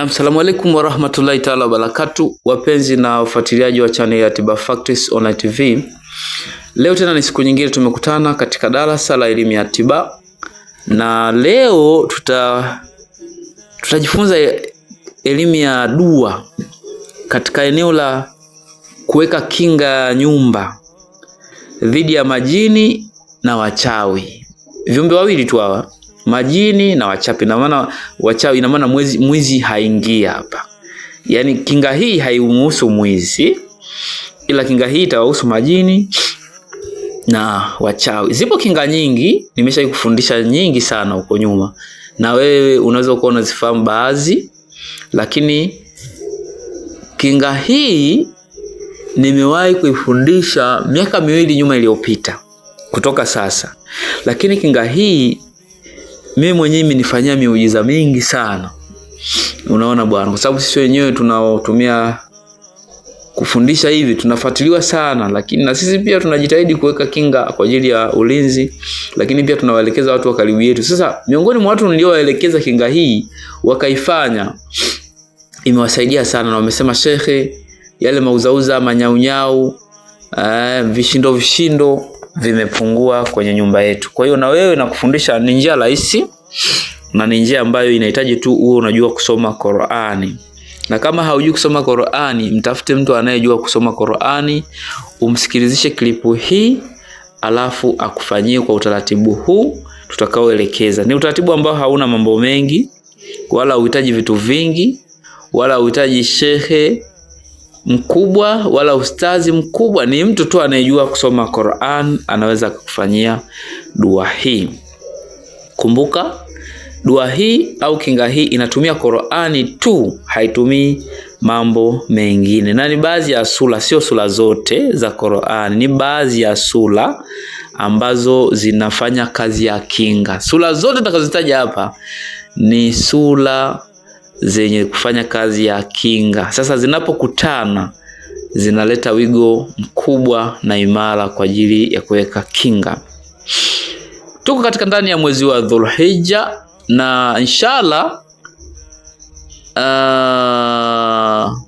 Na msalamu alaikum warahmatullahi taala wabarakatu, wapenzi na wafuatiliaji wa chaneli ya Tiba Facts Online TV. Leo tena ni siku nyingine tumekutana katika darasa la elimu ya tiba, na leo tuta tutajifunza elimu ya dua katika eneo la kuweka kinga ya nyumba dhidi ya majini na wachawi, viumbe wawili tu hawa majini na wachapi Ina maana wachawi, ina maana mwizi, mwizi haingii hapa. Yaani kinga hii haimuhusu mwizi, ila kinga hii itawahusu majini na wachawi. Zipo kinga nyingi, nimeshakufundisha nyingi sana huko nyuma, na wewe unaweza kuwa unazifahamu baadhi, lakini kinga hii nimewahi kuifundisha miaka miwili nyuma iliyopita kutoka sasa, lakini kinga hii mimi mwenyewe imenifanyia miujiza mingi sana, unaona bwana, kwa sababu sisi wenyewe tunaotumia kufundisha hivi tunafuatiliwa sana, lakini na sisi pia tunajitahidi kuweka kinga kwa ajili ya ulinzi, lakini pia tunawaelekeza watu wa karibu yetu. Sasa miongoni mwa watu niliowaelekeza kinga hii wakaifanya, imewasaidia sana, na wamesema shekhe, yale mauzauza, manyaunyau, eh, vishindo vishindo vimepungua kwenye nyumba yetu. Kwa hiyo na wewe nakufundisha, ni njia rahisi na ni njia ambayo inahitaji tu uwe unajua kusoma Qur'ani. Na kama haujui kusoma Qur'ani, mtafute mtu anayejua kusoma Qur'ani, umsikilizishe klipu hii alafu akufanyie kwa utaratibu huu tutakaoelekeza. Ni utaratibu ambao hauna mambo mengi wala uhitaji vitu vingi wala uhitaji shehe mkubwa wala ustazi mkubwa. Ni mtu tu anayejua kusoma Qur'an anaweza kukufanyia dua hii. Kumbuka dua hii au kinga hii inatumia Qur'ani tu, haitumii mambo mengine, na ni baadhi ya sura, sio sura zote za Qur'ani, ni baadhi ya sura ambazo zinafanya kazi ya kinga. Sura zote utakazozitaja hapa ni sura zenye kufanya kazi ya kinga. Sasa zinapokutana zinaleta wigo mkubwa na imara kwa ajili ya kuweka kinga. Tuko katika ndani ya mwezi wa Dhulhijja na inshallah uh,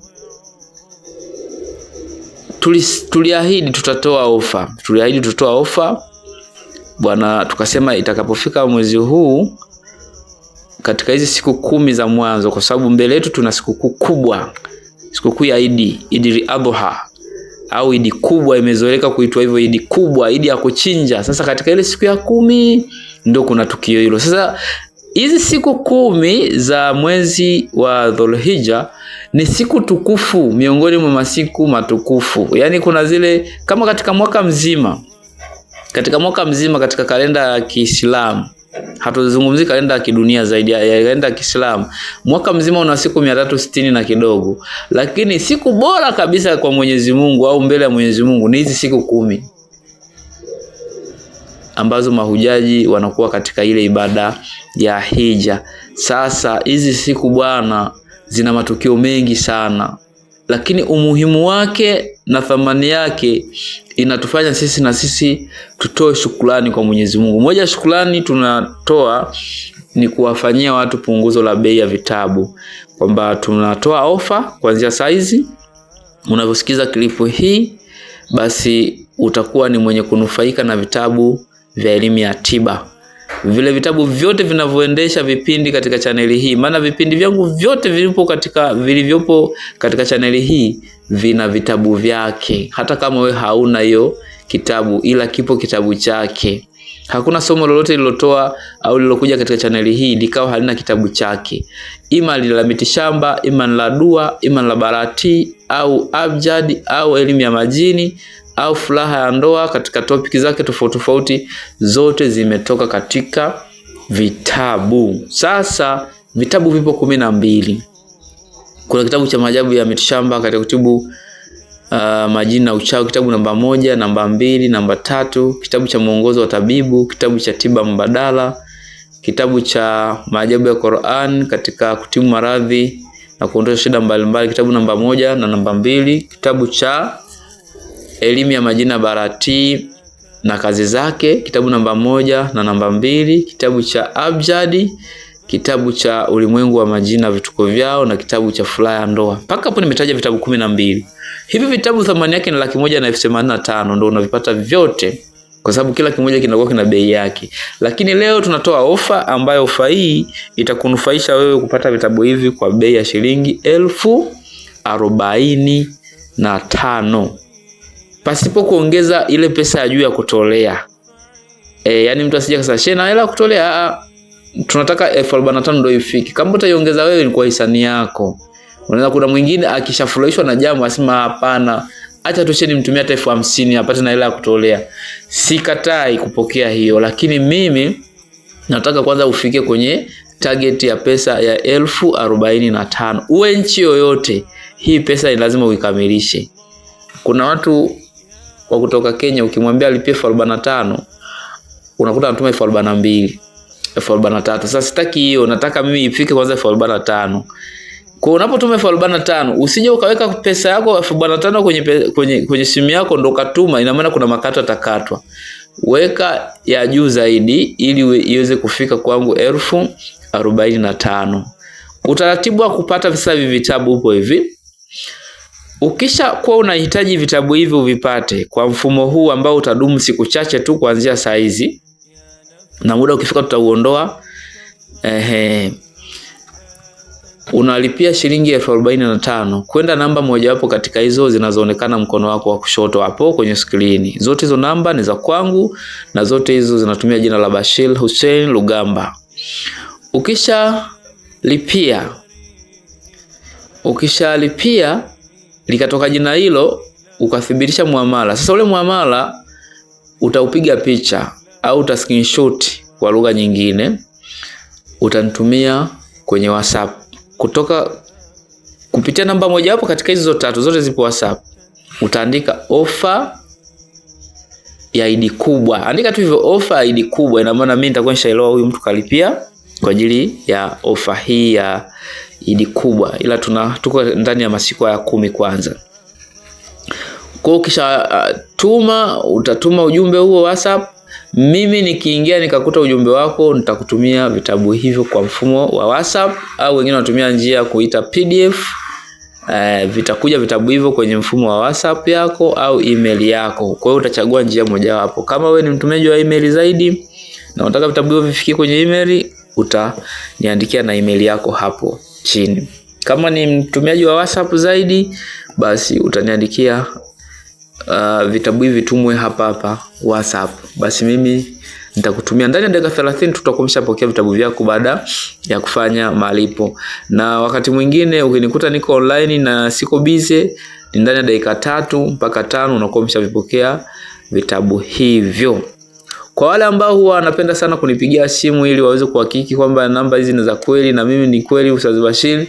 tuliahidi tutatoa ofa, tuliahidi tutatoa ofa bwana, tukasema itakapofika mwezi huu katika hizi siku kumi za mwanzo, kwa sababu mbele yetu tuna sikukuu kubwa, sikukuu ya Idi, Idi Adha au Idi kubwa, imezoeleka kuitwa hivyo, Idi kubwa, Idi ya kuchinja. Sasa katika ile siku ya kumi ndio kuna tukio hilo. Sasa hizi siku kumi za mwezi wa Dhulhijja ni siku tukufu, miongoni mwa masiku matukufu. Yaani kuna zile kama katika mwaka mzima, katika mwaka mzima, katika kalenda ya Kiislamu hatuzungumzii kalenda ya kidunia zaidi ya kalenda ya Kiislamu. Mwaka mzima una siku mia tatu sitini na kidogo, lakini siku bora kabisa kwa Mwenyezi Mungu au mbele ya Mwenyezi Mungu ni hizi siku kumi ambazo mahujaji wanakuwa katika ile ibada ya hija. Sasa hizi siku bwana, zina matukio mengi sana lakini umuhimu wake na thamani yake inatufanya sisi na sisi tutoe shukrani kwa Mwenyezi Mungu. Moja ya shukrani tunatoa ni kuwafanyia watu punguzo la bei ya vitabu, kwamba tunatoa ofa kuanzia saizi. Unavyosikiza klipu hii, basi utakuwa ni mwenye kunufaika na vitabu vya elimu ya tiba vile vitabu vyote vinavyoendesha vipindi katika chaneli hii, maana vipindi vyangu vyote vilipo katika vilivyopo katika chaneli hii vina vitabu vyake, hata kama we hauna hiyo kitabu, ila kipo kitabu chake. Hakuna somo lolote lilotoa au lilokuja katika chaneli hii likawa halina kitabu chake, ima ni la mitishamba, ima ni la dua, ima ni la barati au abjad au elimu ya majini au furaha ya ndoa katika topiki zake tofauti tofauti, zote zimetoka katika vitabu. Sasa vitabu vipo kumi na mbili. Kuna kitabu cha maajabu ya mitishamba katika kutibu Uh, majini na uchawi, kitabu namba moja, namba mbili, namba tatu, kitabu cha mwongozo wa tabibu, kitabu cha tiba mbadala, kitabu cha maajabu ya Qur'an katika kutibu maradhi na kuondosha shida mbalimbali, kitabu namba moja na namba mbili, kitabu cha elimu ya majina Barati na kazi zake, kitabu namba moja na namba mbili, kitabu cha Abjadi, kitabu cha ulimwengu wa majina vituko vyao, na kitabu cha furaha ya ndoa. Mpaka hapo nimetaja vitabu kumi na mbili. Hivi vitabu thamani yake ni laki moja na elfu themanini na tano. Ndio unavipata vyote kwa sababu kila kimoja kinakuwa kina bei yake, lakini leo tunatoa ofa ambayo ofa hii itakunufaisha wewe kupata vitabu hivi kwa bei ya shilingi elfu arobaini na tano pasipo kuongeza ile pesa ya juu ya kutolea. E, yani mtu asije kasema shena hela kutolea, a, tunataka elfu arobaini na tano ndio ifike. Kama utaiongeza wewe, ni kwa hisani yako. Unaweza kuna mwingine akishafurahishwa na jambo asema hapana, acha tusheni mtumie hata elfu hamsini apate na hela ya kutolea. Sikatai kupokea hiyo, lakini mimi nataka kwanza ufike kwenye target ya pesa ya elfu arobaini na tano uwe nchi yoyote. Hii pesa ni lazima uikamilishe. Kuna watu wa kutoka Kenya ukimwambia alipie elfu arobaini na tano unakuta anatuma elfu arobaini na mbili elfu arobaini na tatu Sasa sitaki hiyo, nataka mimi ifike kwanza elfu arobaini na tano kwa unapotuma elfu arobaini na tano usije ukaweka pesa yako elfu arobaini na tano kwenye, kwenye, kwenye simu yako ndo katuma. Ina maana kuna makato atakatwa. Weka ya juu zaidi ili iweze kufika kwangu elfu arobaini na tano. Utaratibu wa kupata visa hivi vitabu upo hivi. Ukisha kuwa unahitaji vitabu hivi uvipate kwa mfumo huu ambao utadumu siku chache tu kuanzia saa hizi, na muda ukifika tutauondoa. Ehe, unalipia shilingi elfu arobaini na tano kwenda namba mojawapo katika hizo zinazoonekana mkono wako wa kushoto hapo kwenye skrini. Zote hizo namba ni za kwangu na zote hizo zinatumia jina la Bashir Hussein Lugamba. Ukisha lipia ukishalipia likatoka jina hilo ukathibitisha muamala. Sasa ule muamala utaupiga picha au uta screenshot kwa lugha nyingine, utanitumia kwenye WhatsApp kutoka kupitia namba moja hapo katika hizo tatu, zote zipo WhatsApp. Utaandika ofa ya idi kubwa, andika tu hivyo, ofa ya idi kubwa. Ina maana mimi nitakuwa nishaelewa huyu mtu kalipia kwa ajili ya ofa hii ya idi kubwa, ila tuna tuko ndani ya masiku ya kumi kwanza. Kwa ukisha uh, tuma utatuma ujumbe huo WhatsApp. Mimi nikiingia nikakuta ujumbe wako, nitakutumia vitabu hivyo kwa mfumo wa WhatsApp au wengine wanatumia njia ya kuita PDF. Uh, eh, vitakuja vitabu hivyo kwenye mfumo wa WhatsApp yako au email yako. Kwa hiyo utachagua njia mojawapo. Kama we ni mtumiaji wa email zaidi na unataka vitabu hivyo vifikie kwenye email, utaniandikia na email yako hapo chini. Kama ni mtumiaji wa WhatsApp zaidi, basi utaniandikia uh, vitabu hivi tumwe hapa hapa WhatsApp, basi mimi nitakutumia ndani ya dakika 30, tutakuwa mshapokea vitabu vyako baada ya kufanya malipo. Na wakati mwingine ukinikuta niko online na siko busy, ni ndani ya dakika tatu mpaka tano unakuwa mshavipokea vitabu hivyo. Kwa wale ambao huwa wanapenda sana kunipigia simu ili waweze kuhakiki kwamba namba hizi ni za kweli na mimi ni kweli Ustaz Bashir,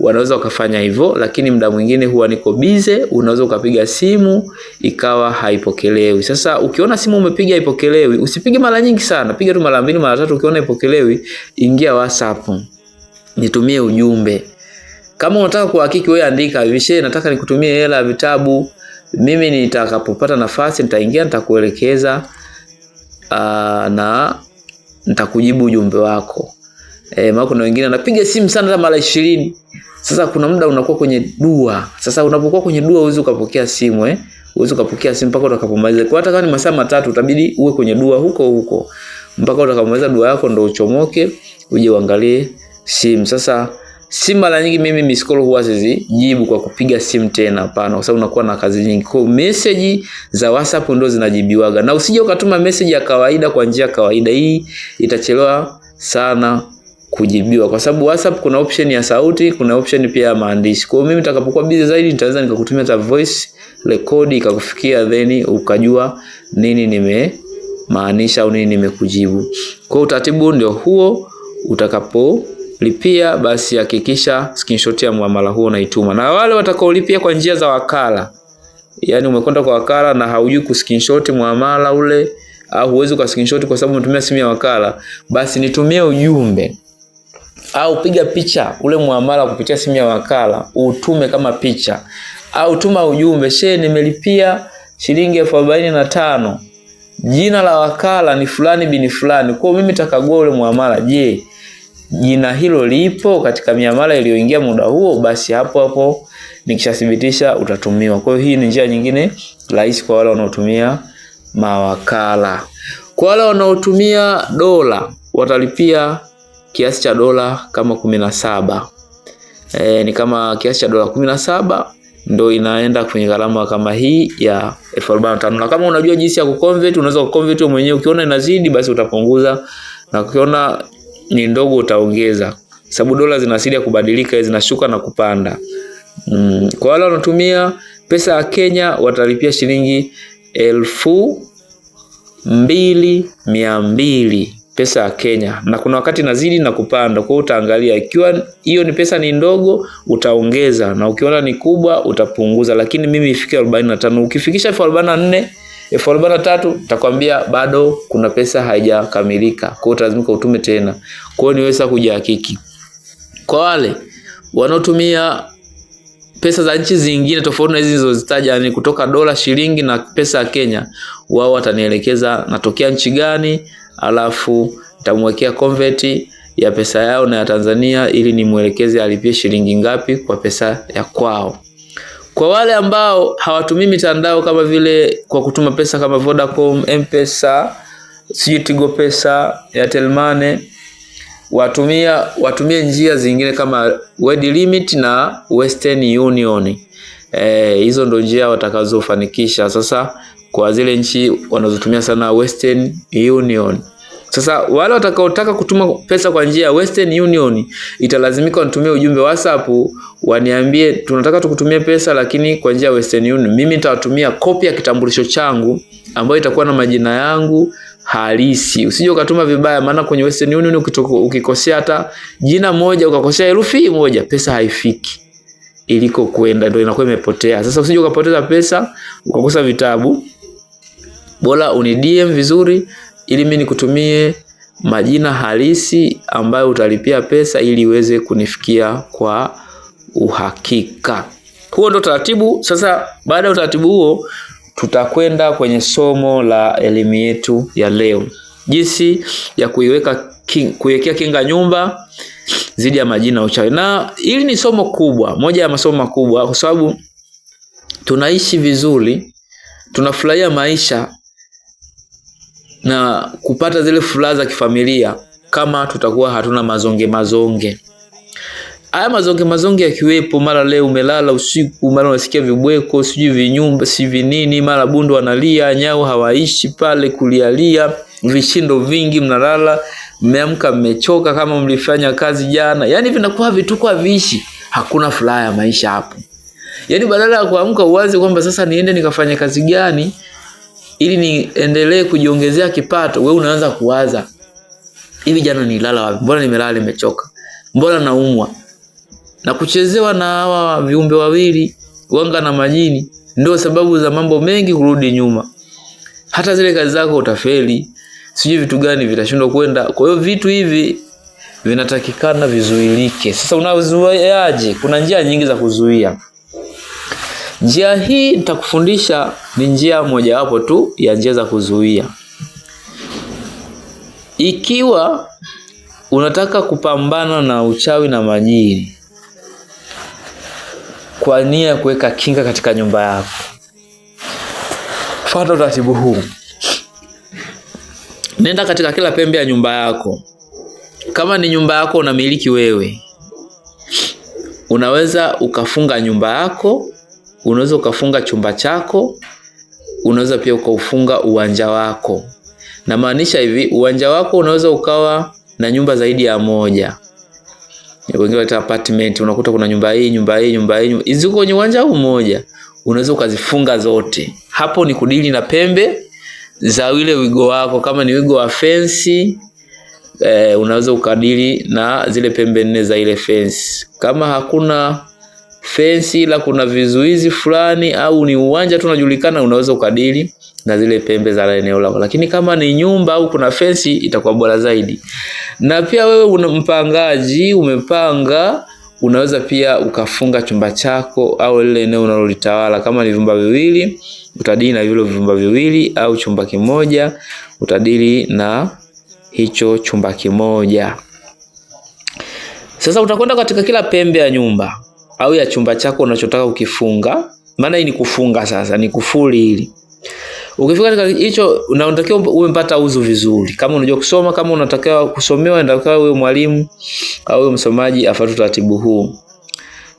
wanaweza wakafanya hivyo, lakini muda mwingine huwa niko bize, unaweza ukapiga simu ikawa haipokelewi. Sasa ukiona simu umepiga haipokelewi, usipige mara nyingi sana, piga tu mara mbili, mara tatu. Ukiona haipokelewi, ingia WhatsApp, nitumie ujumbe. Kama unataka kuhakiki wewe, andika vishe, nataka nikutumie hela ya vitabu. Mimi nitakapopata nafasi nitaingia, nitakuelekeza Ah, na nitakujibu ujumbe wako. E, maana kuna wengine anapiga simu sana hata mara ishirini. Sasa kuna muda unakuwa kwenye dua. Sasa unapokuwa kwenye dua uweze ukapokea simu eh? Uweze ukapokea simu mpaka utakapomaliza. Kwa hata kama ni masaa matatu utabidi uwe kwenye dua huko huko mpaka utakapomaliza dua yako ndio uchomoke uje uangalie simu. Sasa si mara nyingi mimi miskolo call huwa sizijibu kwa kupiga simu tena, hapana, kwa sababu unakuwa na kazi nyingi. Kwa message za WhatsApp ndio zinajibiwaga, na usije ukatuma message ya kawaida kwa njia ya kawaida, hii itachelewa sana kujibiwa, kwa sababu WhatsApp kuna option ya sauti, kuna option pia ya maandishi. Kwa hiyo mimi nitakapokuwa busy zaidi, nitaweza nikakutumia ta voice record ikakufikia, then ukajua nini nimemaanisha au nini nimekujibu. Kwa utaratibu ndio huo utakapo lipia basi hakikisha screenshot ya muamala huo unaituma. Na wale watakaolipia kwa njia za wakala, yani umekwenda kwa wakala na haujui ku screenshot muamala ule au huwezi ku screenshot kwa sababu umetumia simu ya wakala, basi nitumie ujumbe au piga picha ule muamala kupitia simu ya wakala utume kama picha, au tuma ujumbe she, nimelipia shilingi elfu arobaini na tano jina la wakala ni fulani bini fulani, kwa mimi nitakagua ule muamala. Je, yeah jina hilo lipo katika miamala iliyoingia muda huo, basi hapo hapo nikishathibitisha utatumiwa. Kwa hiyo hii ni njia nyingine rahisi kwa wale wanaotumia mawakala. Kwa wale wanaotumia dola watalipia kiasi cha dola kama kumi na saba. E, ni kama kiasi cha dola kumi na saba ndo inaenda kwenye gharama kama hii ya elfu arobaini na tano. Na kama unajua jinsi ya kuconvert, unaweza kuconvert wewe mwenyewe. Ukiona inazidi basi utapunguza, na ukiona ni ndogo utaongeza, sababu dola zina asili ya kubadilika, zinashuka na kupanda. Mm, kwa wale wanatumia pesa ya Kenya watalipia shilingi elfu mbili mia mbili pesa ya Kenya, na kuna wakati nazidi na kupanda. Kwa hiyo utaangalia, ikiwa hiyo ni pesa ni ndogo utaongeza, na ukiona ni kubwa utapunguza, lakini mimi ifike 45. Ukifikisha elfu arobaini na nne elfu arobaini na tatu takwambia bado kuna pesa haijakamilika, kwa hiyo lazima utume tena. Kwa hiyo niweza kujihakiki. Kwa wale wanaotumia pesa za nchi zingine tofauti na hizi nilizozitaja, yani kutoka dola, shilingi na pesa ya Kenya, wao watanielekeza natokea nchi gani, alafu nitamwekea convert ya pesa yao na ya Tanzania ili nimwelekeze alipie shilingi ngapi kwa pesa ya kwao. Kwa wale ambao hawatumii mitandao kama vile kwa kutuma pesa kama Vodacom, M-Pesa, sijui Tigo Pesa, Airtel Money, watumia watumie njia zingine kama Wed Limit na Western Union. Eh, hizo e, ndo njia watakazofanikisha sasa kwa zile nchi wanazotumia sana Western Union. Sasa wale watakaotaka kutuma pesa kwa njia ya Western Union italazimika nitumie ujumbe WhatsApp waniambie tunataka tukutumie pesa lakini kwa njia ya Western Union. Mimi nitawatumia kopi ya kitambulisho changu ambayo itakuwa na majina yangu halisi. Usije ukatuma vibaya, maana kwenye Western Union ukikosea hata jina moja, ukakosea herufi moja, pesa haifiki iliko kwenda, ndio inakuwa imepotea. Sasa usije ukapoteza pesa ukakosa vitabu. Bora uni DM vizuri ili mimi nikutumie majina halisi ambayo utalipia pesa ili iweze kunifikia kwa uhakika. Huo ndo taratibu. Sasa baada ya utaratibu huo, tutakwenda kwenye somo la elimu yetu ya leo, jinsi ya kuiweka king, kuiwekea kinga nyumba dhidi ya majina uchawi, na hili ni somo kubwa, moja ya masomo makubwa, kwa sababu tunaishi vizuri, tunafurahia maisha na kupata zile furaha za kifamilia kama tutakuwa hatuna mazonge mazonge. Haya mazonge mazonge yakiwepo, mara leo umelala usiku, mara unasikia vibweko, sijui vinyumba, si vinini, mara bundo analia, nyau hawaishi pale kulialia, vishindo vingi, mnalala mmeamka, mmechoka kama mlifanya kazi jana. Yani vinakuwa vituko haviishi, hakuna furaha ya maisha hapo. Yani badala ya kuamka uwazi kwamba sasa niende nikafanya kazi gani ili niendelee kujiongezea kipato, Wewe unaanza kuwaza hivi, jana nilala wapi? Mbona nimelala nimechoka? Mbona naumwa? Na kuchezewa na hawa viumbe wawili, wanga na majini, ndio sababu za mambo mengi kurudi nyuma. Hata zile kazi zako utafeli, sijui vitu gani vitashindwa kwenda. Kwa hiyo vitu hivi vinatakikana vizuilike. Sasa unazuiaje? Kuna njia nyingi za kuzuia. Njia hii nitakufundisha ni njia mojawapo tu ya njia za kuzuia. Ikiwa unataka kupambana na uchawi na majini kwa nia ya kuweka kinga katika nyumba yako, fuata utaratibu huu. Nenda katika kila pembe ya nyumba yako. Kama ni nyumba yako unamiliki wewe, unaweza ukafunga nyumba yako Unaweza ukafunga chumba chako, unaweza pia ukaufunga uwanja wako. Namaanisha hivi, uwanja wako unaweza ukawa na nyumba zaidi ya moja, wengine wanaita apartment. Unakuta kuna nyumba hii, nyumba hii, nyumba hii, hizi kwenye uwanja huu mmoja, unaweza ukazifunga zote. Hapo ni kudili na pembe za wile wigo wako, kama ni wigo wa fence eh, unaweza ukadili na zile pembe nne za ile fence. Kama hakuna fensi, ila kuna vizuizi fulani au ni uwanja tu unajulikana, unaweza ukadili na zile pembe za eneo lako, lakini kama ni nyumba au kuna fensi itakuwa bora zaidi. Na pia wewe una mpangaji, umepanga unaweza pia ukafunga chumba chako au lile eneo unalolitawala. Kama ni vyumba viwili, utadili na vile vyumba viwili, au chumba kimoja, utadili na hicho chumba kimoja. Sasa utakwenda katika kila pembe ya nyumba au ya chumba chako unachotaka ukifunga maana hii ni kufunga sasa, ni kufuli hili. Ukifika katika hicho, unatakiwa umepata uzu vizuri, kama unajua kusoma, kama unatakiwa kusomewa, unatakiwa uwe mwalimu au uwe msomaji, afuate utaratibu huu.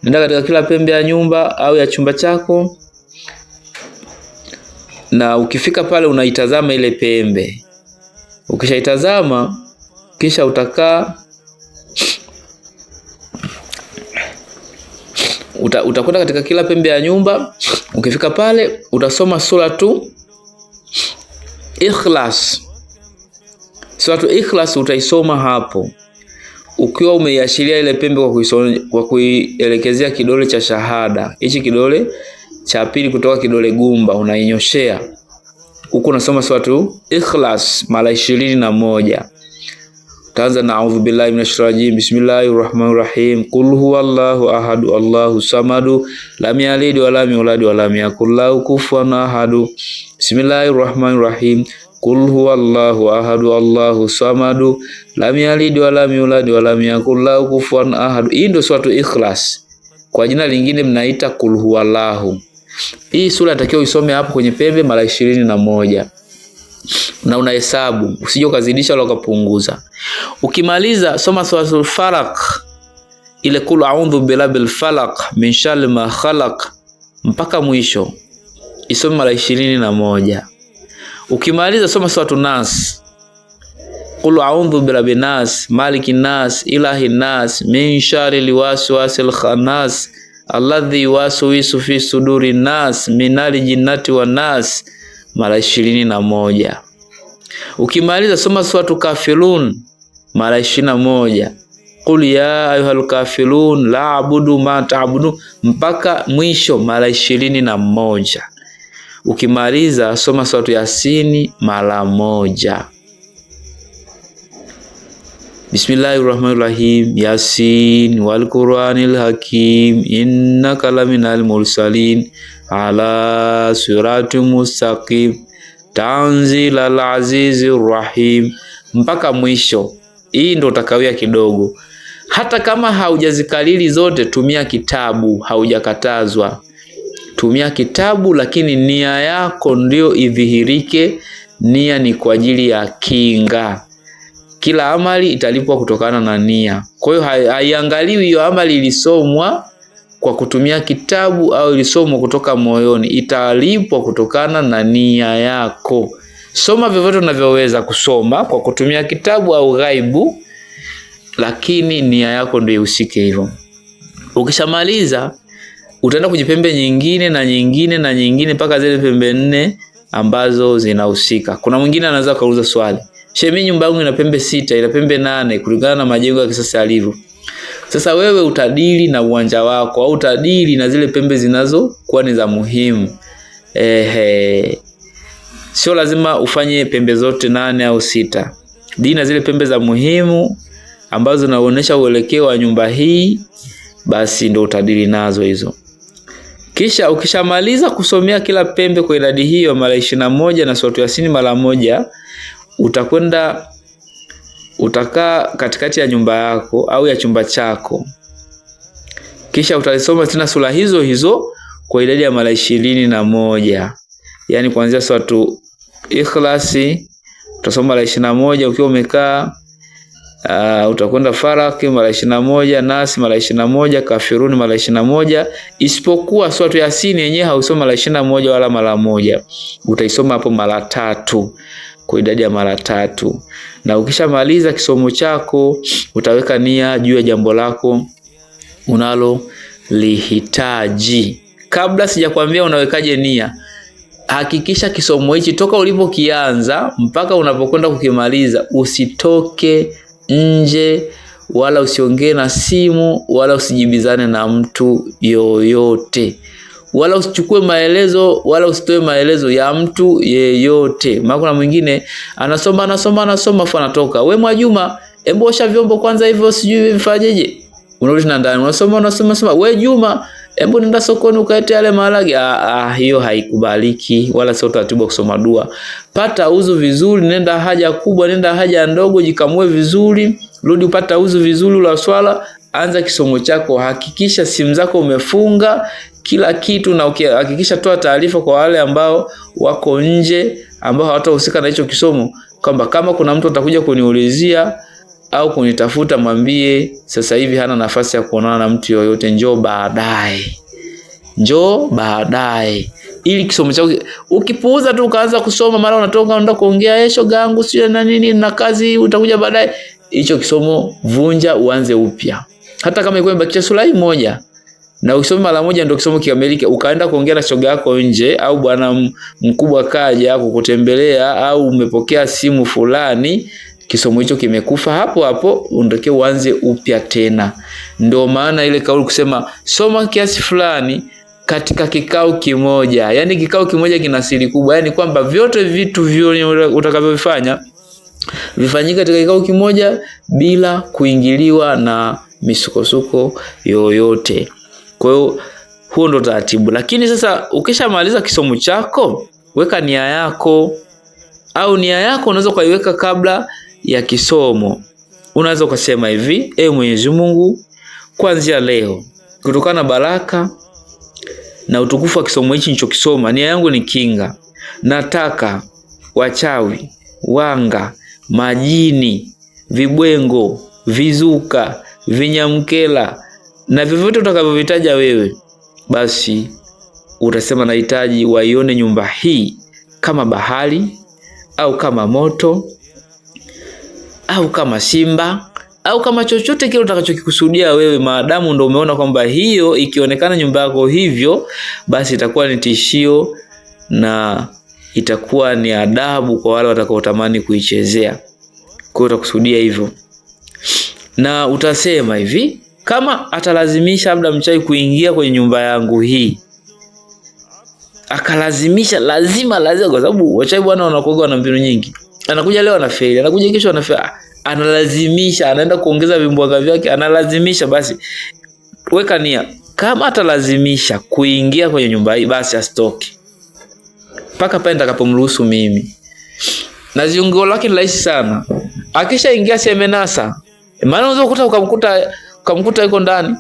Nenda katika kila pembe ya nyumba au ya chumba chako, na ukifika pale unaitazama ile pembe. Ukishaitazama kisha utakaa uta, utakwenda katika kila pembe ya nyumba. Ukifika pale utasoma suratu Ikhlas. Suratu Ikhlas utaisoma hapo ukiwa umeiashiria ile pembe kwa kwa kuielekezea kidole cha shahada hichi kidole cha pili kutoka kidole gumba unainyoshea huku unasoma suratu Ikhlas mara ishirini na moja. Taanza na audhu billahi minash rajim. Bismillahir rahmanir rahim. Qul huwallahu ahadu Allahu samadu lam yalid wa lam yulad wa lam yakul lahu kufuwan ahadu. Bismillahir rahmanir rahim. Qul huwallahu ahadu Allahu samadu lam yalid wa lam yulad wa lam yakul lahu kufuwan ahadu. Hii ndio suratu Ikhlas. Kwa jina lingine mnaita Qul huwallahu. Hii sura inatakiwa isome hapo kwenye pembe mara ishirini na moja na unahesabu, usije ukazidisha wala ukapunguza. Ukimaliza soma suratul Falaq, ile kul a'udhu birabbil falaq min sharri ma khalaq mpaka mwisho, isome mara ishirini na moja. Ukimaliza soma suratul Nas, kul a'udhu birabbin nas malikin nas ilahin nas min sharri liwaswasil khannas alladhi yuwaswisu fi suduri nas minal jinnati wan nas mara ishirini na moja. Ukimaliza soma suratu Kafirun mara ishirini na moja, qul ya ayuhal kafirun la abudu ma taabudu mpaka mwisho mara ishirini na moja. Ukimaliza soma suratu Yasini mara moja. Bismillahir Rahmanir Rahim Yasin wal Qur'anil Hakim innaka laminal mursalin ala sirati mustaqim tanzila alazizi rahim, mpaka mwisho. Hii ndo utakawia kidogo. Hata kama haujazikalili zote, tumia kitabu, haujakatazwa. Tumia kitabu, lakini nia yako ndio idhihirike. Nia ni kwa ajili ya kinga. Kila amali italipwa kutokana na nia. Kwa hiyo haiangaliwi hiyo amali ilisomwa kwa kutumia kitabu au ilisomo kutoka moyoni, italipwa kutokana na nia yako. Soma vyovyote unavyoweza kusoma kwa kutumia kitabu au ghaibu, lakini nia yako ndio ihusike hivyo. Ukishamaliza utaenda kwenye pembe nyingine na nyingine na nyingine mpaka zile pembe nne ambazo zinahusika. Kuna mwingine anaweza kuuliza swali, shemi, nyumba yangu ina pembe sita, ina pembe nane kulingana na majengo ya kisasa yalivyo. Sasa wewe utadili na uwanja wako au utadili na zile pembe zinazokuwa ni za muhimu. Ehe. Sio lazima ufanye pembe zote nane au sita. Dili na zile pembe za muhimu ambazo zinaonyesha uelekeo wa nyumba hii, basi ndo utadili nazo hizo. Kisha ukishamaliza kusomea kila pembe kwa idadi hiyo mara ishirini na moja na Suratu Yasini mara moja, utakwenda utakaa katikati ya nyumba yako au ya chumba chako, kisha utalisoma tena sura hizo hizo kwa idadi ya mara ishirini na moja yaani kuanzia suratu Ikhlasi utasoma mara ishirini na moja ukiwa umekaa. Uh, utakwenda Falaki mara ishirini na moja Nasi mara ishirini na moja Kafiruni mara ishirini na moja isipokuwa suratu Yasini yenyewe hausoma mara ishirini na moja wala mara moja, utaisoma hapo mara tatu kwa idadi ya mara tatu. Na ukishamaliza kisomo chako, utaweka nia juu ya jambo lako unalolihitaji. Kabla sijakwambia unawekaje nia, hakikisha kisomo hichi toka ulipokianza mpaka unapokwenda kukimaliza, usitoke nje wala usiongee na simu wala usijibizane na mtu yoyote wala usichukue maelezo wala usitoe maelezo ya mtu yeyote. Maana kuna mwingine anasoma anasoma anasoma afu anatoka. We Mwajuma, hebu osha vyombo kwanza hivyo sijui vifanyeje. Unarudi na ndani unasoma unasoma soma. We Juma, hebu nenda sokoni ukaete yale maharage. Ah, ah, hiyo haikubaliki wala sio utaratibu wa kusoma dua. Pata uzu vizuri, nenda haja kubwa, nenda haja ndogo, jikamue vizuri, rudi upata uzu vizuri la swala, anza kisomo chako, hakikisha simu zako umefunga, kila kitu, na ukihakikisha toa taarifa kwa wale ambao wako nje, ambao hawatahusika na hicho kisomo, kwamba kama kuna mtu atakuja kuniulizia au kunitafuta, mwambie sasa hivi hana nafasi ya kuonana na mtu yoyote, njoo baadaye, njoo baadaye ili kisomo chako ukipuuza tu ukaanza kusoma, mara unatoka unaenda kuongea esho eh, gangu sio na nini na kazi, utakuja baadaye. Hicho kisomo vunja, uanze upya, hata kama ilikuwa imebakisha sura hii moja na ukisoma mara moja ndio kisomo kikamilike, ukaenda kuongea na shoga yako nje, au bwana mkubwa kaja kukutembelea, au umepokea simu fulani, kisomo hicho kimekufa hapo hapo, undoke uanze upya tena. Ndio maana ile kauli kusema soma kiasi fulani katika kikao kimoja, yani kikao kimoja kina siri kubwa, yani kwamba vyote vitu vyote utakavyofanya vifanyike katika kikao kimoja bila kuingiliwa na misukosuko yoyote. Kwa hiyo huo ndo taratibu, lakini sasa ukishamaliza kisomo chako, weka nia yako, au nia yako unaweza ukaiweka kabla ya kisomo. Unaweza ukasema hivi: e, Mwenyezi Mungu, kuanzia leo, kutokana na baraka na utukufu wa kisomo hichi kisoma nia yangu ni kinga. Nataka wachawi, wanga, majini, vibwengo, vizuka, vinyamkela na vyovyote utakavyovitaja wewe, basi utasema nahitaji waione nyumba hii kama bahari au kama moto au kama simba au kama chochote kile utakachokikusudia wewe, maadamu ndo umeona kwamba hiyo ikionekana nyumba yako hivyo, basi itakuwa ni tishio na itakuwa ni adabu kwa wale watakaotamani kuichezea. Kwa hiyo utakusudia hivyo na utasema hivi kama atalazimisha labda mchawi kuingia kwenye nyumba yangu hii akalazimisha, lazima lazima, kwa sababu wachawi bwana wanakuaga na mbinu nyingi. Anakuja leo anafeli, anakuja kesho anafeli, ah, analazimisha, anaenda kuongeza vimbwaga vyake, analazimisha. Basi weka nia, kama atalazimisha kuingia kwenye nyumba hii, basi asitoke mpaka pale nitakapomruhusu mimi, na ziungo lake ni rahisi sana. Akishaingia semenasa, maana unaweza kukuta ukamkuta kamkuta yuko ndani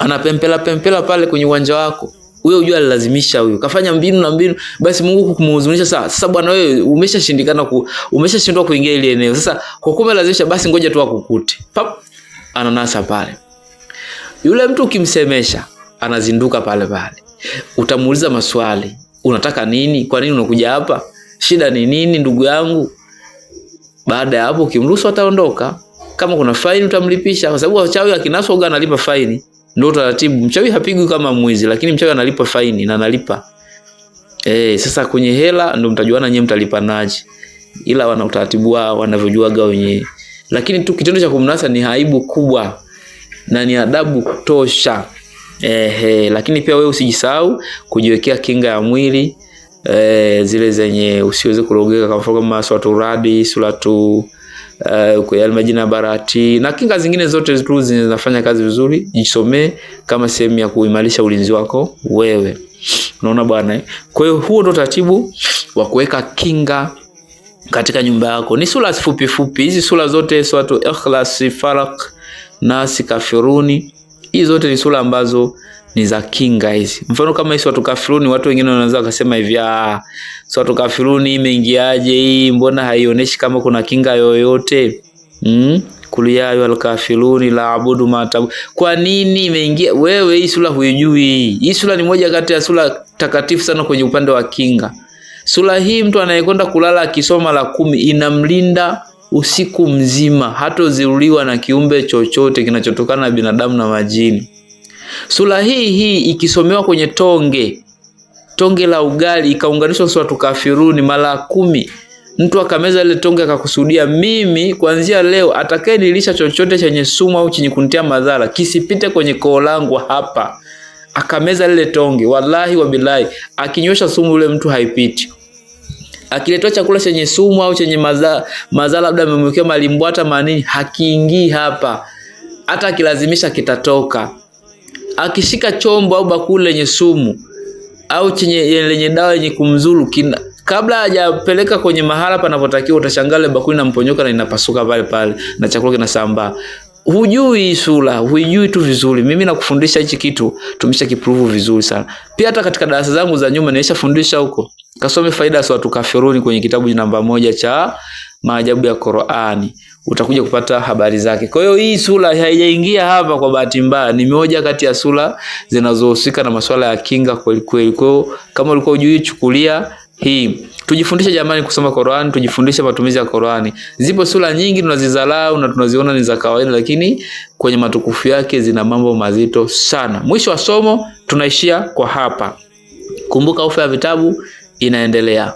anapempela pempela pale kwenye uwanja wako, huyo ujua alilazimisha, huyo kafanya mbinu na mbinu, basi Mungu kumhuzunisha Sasa sasa, bwana wewe umeshashindikana ku, umeshashindwa kuingia ile eneo, sasa kwa kume lazimisha, basi ngoja tu akukute pap, ananasa pale. Yule mtu ukimsemesha anazinduka pale pale, utamuuliza maswali, unataka nini? Kwa nini unakuja hapa? Shida ni nini, ndugu yangu? Baada ya hapo, ukimruhusu ataondoka kama kuna faini utamlipisha, kwa sababu wachawi akinaswa huwa analipa faini. Ndio taratibu, mchawi hapigwi kama mwizi, lakini mchawi analipa faini na analipa eh. Sasa kwenye hela ndio mtajuana nyewe mtalipanaje, ila wana utaratibu wao wanavyojuaga wenyewe, lakini tu kitendo cha kumnasa ni aibu kubwa na ni adabu kutosha. Ehe, lakini pia wewe usijisahau kujiwekea kinga ya mwili e, zile zenye usiweze kurogeka, kama kama kama suratu Radi, suratu uh, yale Majina Barati na kinga zingine zote tu zinafanya kazi vizuri. Jisomee kama sehemu ya kuimarisha ulinzi wako wewe. Unaona bwana eh? Kwa hiyo huo ndo taratibu wa kuweka kinga katika nyumba yako. Ni sura fupi fupi hizi sura zote, suratu Ikhlas, Falaq, Nas, Kafiruni. Hizi zote ni sura ambazo ni za kinga hizi. Mfano kama hizi watu kafiruni, watu wengine wanaweza wakasema hivi ah, so watu kafiruni imeingiaje hii? Mbona haionyeshi kama kuna kinga yoyote? Mm? kulia Kuliyayo alkafiruni la abudu matabu. Kwa nini imeingia? Wewe hii sura huijui. Hii sura ni moja kati ya sura takatifu sana kwenye upande wa kinga. Sura hii mtu anayekwenda kulala akisoma la kumi inamlinda usiku mzima, hatoziruliwa na kiumbe chochote kinachotokana na binadamu na majini. Sura hii hii ikisomewa kwenye tonge tonge la ugali ikaunganishwa sura tukafiruni mara kumi, mtu akameza ile tonge akakusudia, mimi kuanzia leo atakaye nilisha chochote chenye sumu au chenye kunitia madhara kisipite kwenye koo langu hapa. Akameza lile tonge, wallahi wabilahi, akinywesha sumu yule mtu haipiti. Akiletewa chakula chenye sumu au chenye madhara madhara, labda amemwekea malimbwata manini, hakiingii hapa, hata akilazimisha kitatoka akishika chombo au bakuli lenye sumu au chenye lenye dawa yenye kumzuru kina, kabla hajapeleka kwenye mahala panapotakiwa, utashangaa ile bakuli inamponyoka na inapasuka pale pale na chakula kinasambaa. Hujui sura, hujui tu vizuri. Mimi nakufundisha hichi kitu, tumesha kiprove vizuri sana. Pia hata katika darasa zangu za nyuma nilishafundisha huko, kasome faida ya suratu Kafiruni kwenye kitabu namba moja cha maajabu ya Qur'ani utakuja kupata habari zake. Kwa hiyo hii sura haijaingia hapa kwa bahati mbaya, ni moja kati ya sura zinazohusika na masuala ya kinga kweli kweli. Kwa hiyo kama ulikuwa hujui, chukulia hii tujifundishe jamani, kusoma Qur'ani, tujifundishe matumizi ya Qur'ani. Zipo sura nyingi tunazidharau na tunaziona ni za kawaida, lakini kwenye matukufu yake zina mambo mazito sana. Mwisho wa somo tunaishia kwa hapa. Kumbuka ofa ya vitabu inaendelea.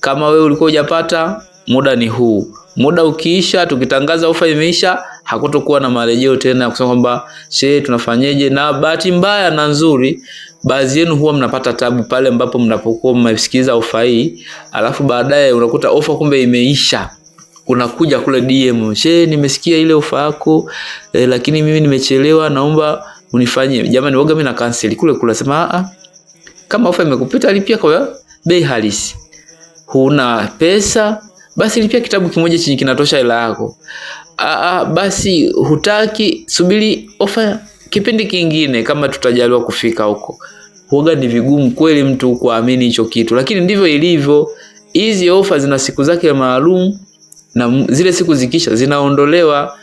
Kama wewe ulikuwa hujapata, muda ni huu muda ukiisha, tukitangaza ofa imeisha, hakutokuwa na marejeo tena ya kusema kwamba she tunafanyeje. Na bahati mbaya na nzuri, baadhi yenu huwa mnapata tabu pale ambapo mnapokuwa mmesikiliza ofa hii, alafu baadaye unakuta ofa kumbe imeisha unakuja kule DM, she, nimesikia ile ofa yako eh, lakini mimi nimechelewa, naomba unifanyie. Jamani, woga mimi na cancel kule kule, sema a ah, ah, kama ofa imekupita, lipia kwa bei halisi. Huna pesa basi lipia kitabu kimoja chenye kinatosha hela yako. Aa, ah, ah, basi hutaki, subiri ofa kipindi kingine, kama tutajaliwa kufika huko. Huoga ni vigumu kweli mtu kuamini hicho kitu, lakini ndivyo ilivyo. Hizi ofa zina siku zake maalum, na zile siku zikisha zinaondolewa.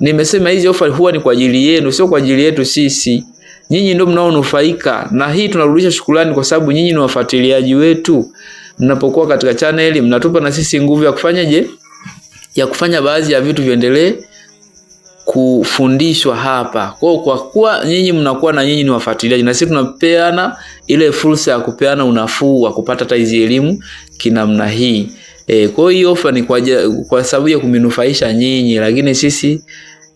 Nimesema hizi ofa huwa ni kwa ajili yenu, sio kwa ajili yetu sisi. Nyinyi ndio mnaonufaika na hii, tunarudisha shukrani kwa sababu nyinyi ni wafuatiliaji wetu mnapokuwa katika chaneli, mnatupa na sisi nguvu ya kufanya je, ya kufanya baadhi ya vitu viendelee kufundishwa hapa. Kwa kwa kuwa nyinyi mnakuwa na nyinyi ni wafuatiliaji, na sisi tunapeana ile fursa ya kupeana unafuu wa kupata hata hizi elimu kinamna hii. E, kwa hiyo ofa ni kwa, kwa sababu ya kuminufaisha nyinyi, lakini sisi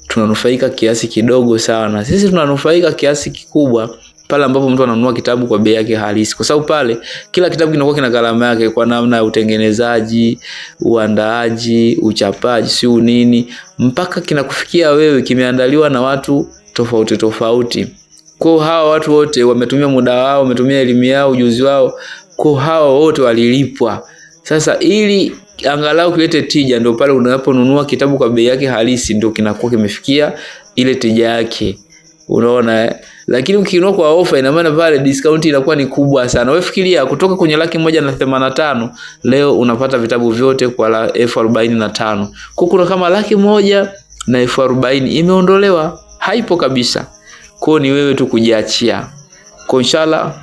tunanufaika kiasi kidogo sana. Sisi tunanufaika kiasi kikubwa pale ambapo mtu ananunua kitabu kwa bei yake halisi, kwa sababu pale kila kitabu kinakuwa kina gharama yake, kwa namna ya utengenezaji, uandaaji, uchapaji, si nini, mpaka kinakufikia wewe, kimeandaliwa na watu tofauti tofauti. Kwa hawa watu wote wametumia muda wao, wametumia elimu yao, ujuzi wao, kwa hawa wote walilipwa. Sasa ili angalau kilete tija, ndio pale unaponunua kitabu kwa bei yake halisi, ndio kinakuwa kimefikia ile tija yake, unaona eh? Lakini ukinunua kwa ofa, ina maana pale discount inakuwa ni kubwa sana. Wewe fikiria kutoka kwenye laki moja na themanini na tano leo unapata vitabu vyote kwa elfu arobaini na tano kuna kama laki moja na elfu arobaini imeondolewa, haipo kabisa. Kwa ni wewe tu kujiachia. Kwa inshallah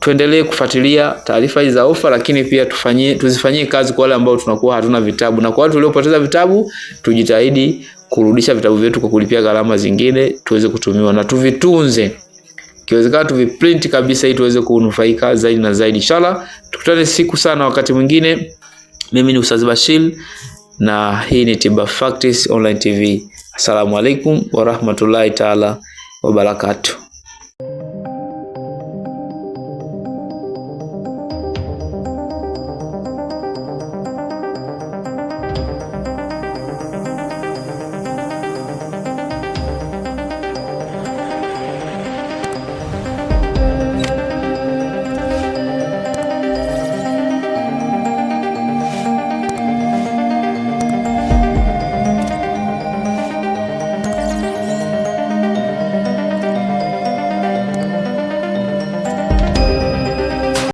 tuendelee kufuatilia taarifa hizi za ofa, lakini pia tufanyie tuzifanyie kazi kwa wale ambao tunakuwa hatuna vitabu, na kwa watu waliopoteza vitabu tujitahidi kurudisha vitabu vyetu kwa kulipia gharama zingine tuweze kutumiwa na tuvitunze kiwezekana tuviprint kabisa ili tuweze kunufaika zaidi na zaidi. Inshallah tukutane siku sana wakati mwingine. Mimi ni Ustaz Bashir na hii ni Tiba Facts Online TV. Assalamu alaikum warahmatullahi taala wabarakatuh.